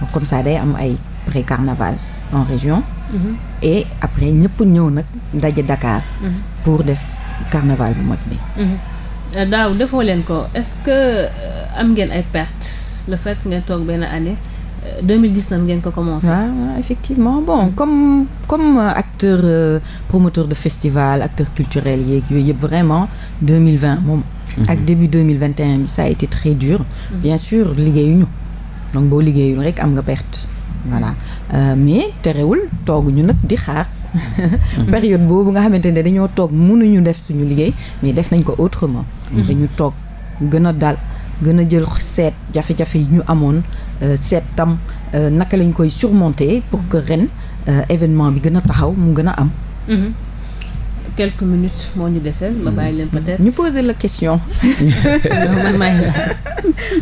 donc comme ça day am ay pré carnaval en région. Mm-hmm. et après ñëpp ñëw nag daje Dakar. Mm-hmm. pour def carnaval bu mag bi. Mm-hmm. Euh, daaw defoo leen ko est-ce que euh, am ngeen ay pertes le fait ngeen toog benn année. 2019 euh, ngeen ko commencé. waaw ah, ah, effectivement bon comme comme acteur euh, promoteur de festival acteur culturel yeeg yooyu yëpp vraiment 2020 moom. ak début 2021 bi ça a été très dur. bien sûr liggéeyuñu donc boo liggéeyul rek am nga perte. voilà euh, mais terewul tooguñu nag di xaar. période boobu nga xamante ne dañoo toog mënuñu def suñu liggéey mais def nañ ko autrement. Mhm. dañu toog gën a dal gën a jël seet jafe-jafe yi ñu amoon euh, seet tam euh, naka lañ koy surmonter pour que ren événement bi gën a taxaw mu gën a am. Mhm. quelques minutes moo ñu deseel ma bàyyi leen peut-être. ñu poser la question.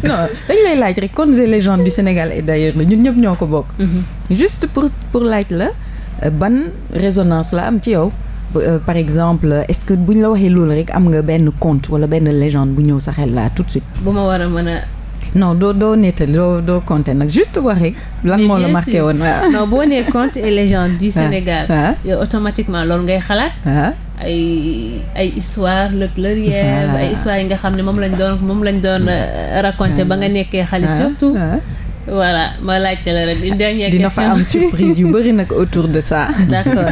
dañ lay laaj rek kon légende du Sénégal et d'ailleurs la ñun ñëpp ñoo ko bokk. Mhm. juste pour pour laaj la euh, ban résonance la am ci yow. Euh, par exemple est-ce que buñ la waxee loolu rek am nga benn conte wala benn légende bu ñëw saxee xel la tout de suite. bu ma war a mën a non doo doo nettali doo conté compter nag juste wax rek lan moo la marqué woon waaw non boo nee conte et légende du ah, Sénégal ah. yow automatiquement loolu ngay xalaat ah. ay ay histoire le pluriel ay histoire yi nga xam ne moom lañ doon moom lañ doon euh, raconter ba nga nekkee xale surtout voilà ma laajte la rek une dernière question fa am surprise yu bëri nag autour de sa d'accord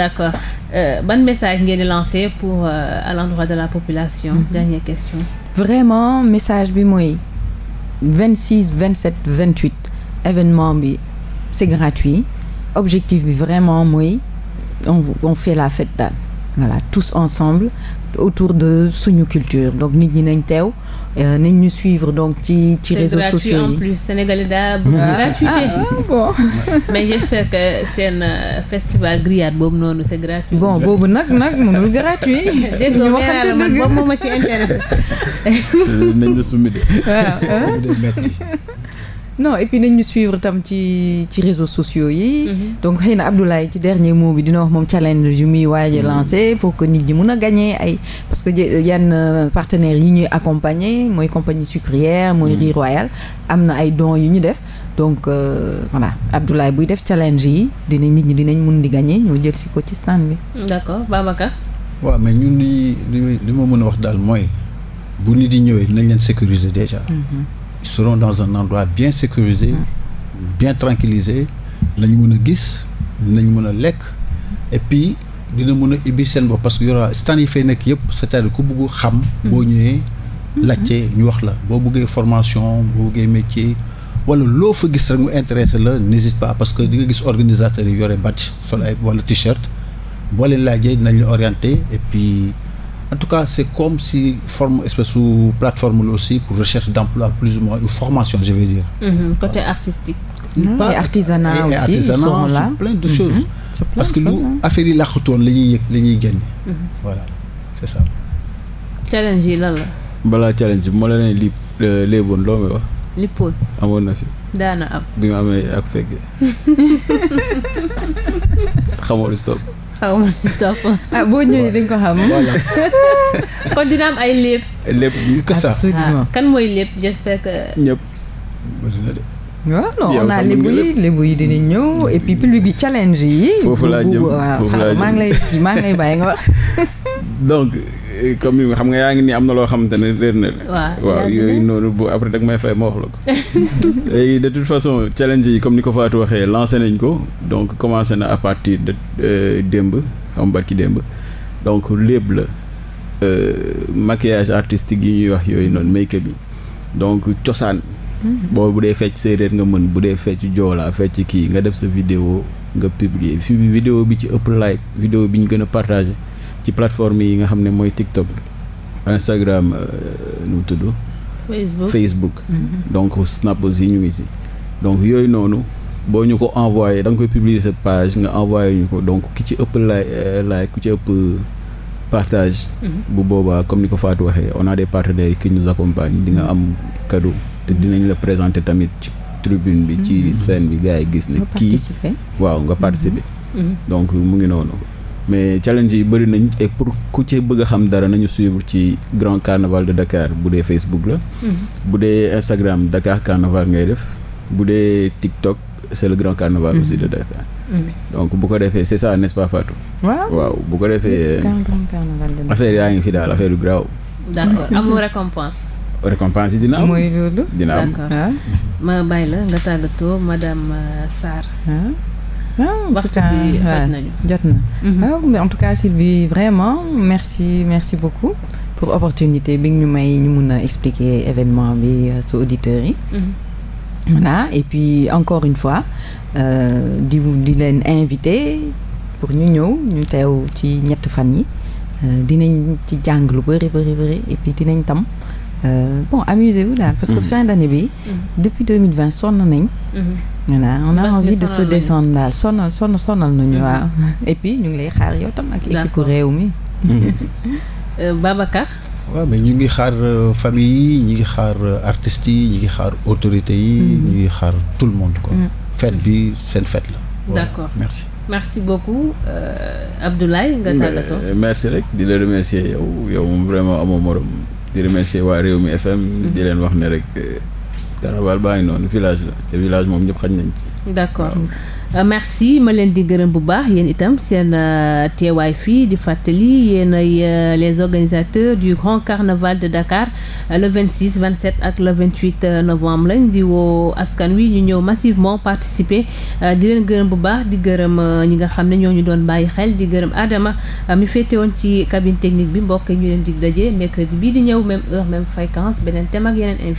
d'accord euh, ban message ngeen di lancé pour euh, à l'endroit de la population mm-hmm. dernière question vraiment message bi mooy 26 27 28 événement bi c'est gratuit objectif bi vraiment mooy on on fait la fête voilà tous ensemble autour de suñu culture donc nit ñi nañ teew euh, nañ ñu suivre donc ci ci réseaux sociaux yi en plus sénégalais daa mmh. ah, bu seen euh, festival grillade boobu noonu c'est gratuit boobu nag nag mënul gratuit dégg nga waxante dëgg boobu moom ma ci intéressé nañ la soumis de waaw non et nañ ñu suivre tam ci ci réseaux sociaux yi. Mm-hmm. donc xëy na Abdoulaye ci dernier mot bi dina wax moom challenge yu muy waaj mm-hmm. lancé pour que nit ñi mun a gagner ay parce que yenn partenaires yi ñuy accompagner mooy compagnie sucrière mooy mm-hmm. riz royal am na ay dons yu ñu def. donc euh, voilà Abdoulaye buy def challenge yi dinañ nit ñi dinañ mun di gañee ñoo jël si ko ci stand bi. d'accord Babacar. waaw mais ñun li li ma mën a wax daal mooy bu nit yi ñëwee nañ leen sécuriser déjà. ils seront dans un endroit bien sécurisé bien tranquillisé lañu mën a gis dinañ mën a lekk et puis dina mën a ubbi seen bopp parce que yora stan yi fay nekk yëpp cest à ku bëgg xam boo ñëwee laajte ñu wax la boo buggee formation boo bëggee métier walla loo fa gis rek mu intéressé la n'hésite pas parce que di gis organisateurs yi yore badge sol ay wala t-shirt boo leen laajee dinañ la orienté et puis en tout cas c'est comme si forme espèce ou plateforme la aussi pour recherche d'emploi plus ou moins ou formation je veux dire. Mm artistique. Mmh, pas et artisanat et, aussi et artisanat, de mhm. choses. parce que lu affaire yi laqatu woon ñuy yëg la ñuy génne. Mhm. voilà c'est ça. challenge yi lan la. balaa challenge bi ma la ne li léeboon loo may wax. lippoon amoon na fi. daana am bi ma amee ak fekkee xaw boo ñëwee di nga ko xam. voilà. kon dina am ay lépp. lépp bii que ah, kan mooy lépp j'espère que. ñëpp. waaw non on a lébu yi lébu yi dinañ ñëw et puis public bi challenge yi. foofu laa jëm foofu maa ngi lay maa ngi lay bàyyi nga wax. donc euh, comme ni xam nga yaa ngi nii am na loo xamante ne réer na waaw yooyu noonu après dag may fay ma wax la ko léegi de toute façon challenge yi comme ni ko Fatou waxee lancé nañ ko donc commencé na à partir de euh, démb xam barki démb donc lépp la euh, maquillage artistique yi ñuy wax yooyu noonu make bi donc cosaan mm-hmm. boobu bu dee fecc séeréer nga mën bu dee fecc joolaa fecc kii nga def sa vidéo nga publier fi vidéo bi ci ëpp like vidéo bi ñu gën a partagé ci plateforme yi nga xam ne mooy TikTok Instagram euh, nu mu tudd. Facebook Facebook. Mhm. donc Snap aussi ñu ngi si. donc yooyu noonu boo ñu ko envoyé da nga koy publier sa page nga envoyé ñu ko donc ki ci ëpp euh, like ku ci ëpp partage. Mhm. bu boobaa comme ni ko Fatou waxee on a des partenaires ki nous accompagnent di nga am cadeau. te dinañ la présenter tamit ci tribune bi. ci mhm. scène bi gars yi gis ne kii. waaw nga participer. donc mu ngi noonu. mais challenge yi bëri nañ et pour ku ci bëgg xam dara nañu suivre ci grand carnaval de Dakar bu dee Facebook la. Mhm. bu dee Instagram Dakar carnaval ngay def bu dee TikTok c'est le grand carnaval mhm. aussi de Dakar. donc bu ko defee c'est ça n'est-ce pas Fatou. waaw bu ko defee. affaire yaa ngi fi daal affaire yu graaw. d'accord mhm. amul récompense. récompense yi dina am mooy loolu dina am. ma bàyyi la nga tàggatoo madame euh, Sarr. Ah. Ah, waaw jot na waaw mhm. ah, mais en tout cas Sylvie vraiment merci merci beaucoup pour opportunité bi ñu may ñu mun a expliquer événement bi euh, su auditeurs yi mhm. voilà et puis encore une fois euh, di di leen invité pour ñu ñëw ñu teew ci ñett fan yi euh, dinañ ci jàng lu bëri bëri bëri et puis dinañ tam Euh, bon amusez-vous là parce que mm. fin d'année bi mm. depuis 2020 sonn nañ mm-hmm. voilà on a envie de se descendre daal sonn sonn sonnal nañu mm-hmm. waaw et ñu ngi lay xaar yow tam ak équipe réew mi euh, Babacar waaw mais ñu ngi xaar euh, famille yi ñu ngi xaar euh, artistes yi ñu ngi xaar autorités yi mm-hmm. ñu ngi xaar tout le monde quoi fête bi seen fête la d'accord merci merci beaucoup Abdoulaye nga tàggatoo merci rek di la remercier yow yow moom vraiment amoo morom di remercier waa Rewmi FM di leen wax ne rek euh, carnaval baa ngi noonu village la te village moom ñëpp xaj nañ ci. d' euh, merci ma leen di gërëm bu baax yéen itam seen euh, teewaay fii di fàttali yéen ay euh, les organisateurs du grand carnaval de Dakar le vingt 27 ak le 28 novembre lañ di woo askan wi ñu ñëw massivement participer di leen gërëm bu baax di gërëm ñi nga xam ne ñoo ñu doon bàyyi xel di gërëm Adama mi féete woon ci cabine technique bi mbokk ñu leen di daje mercredi bii di